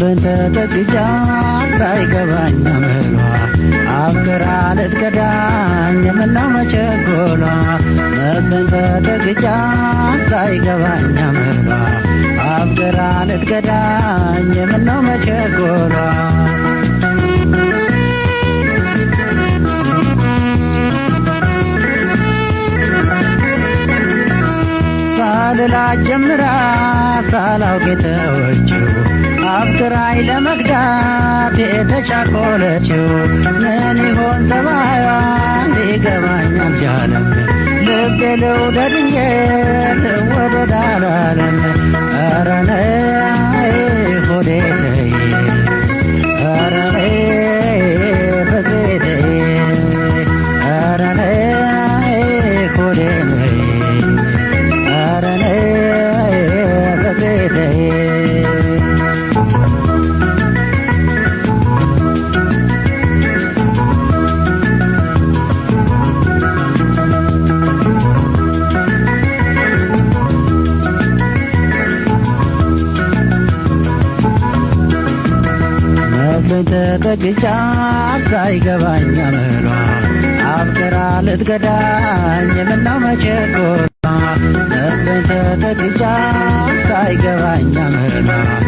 መስሎኝ ተጠቅጃት ሳይገባኝ ምሏ አፍቅራ ልትከዳኝ ምነው መቸኮሏ መስሎኝ ተጠቅጃት ሳይገባኝ ምሏ አፍቅራ ልትከዳኝ ምነው መቸኮሏ ሳልላ ጀምራ ሳላውቅ ተወችው አብትራይ ለመግዳት የተቻኮለችው ምን ይሆን ጠባይዋ ሊገባኝ አልቻለም። ልቤ ልውደድ እንጂ ልወደድ አላለም። ልብኝ ተጠግቻ ሳይገባኝ ምሏ አፍቅራ ልትገዳኝ ምነው መቸኮሏ ልብኝ ተጠግቻ ሳይገባኝ ምሏ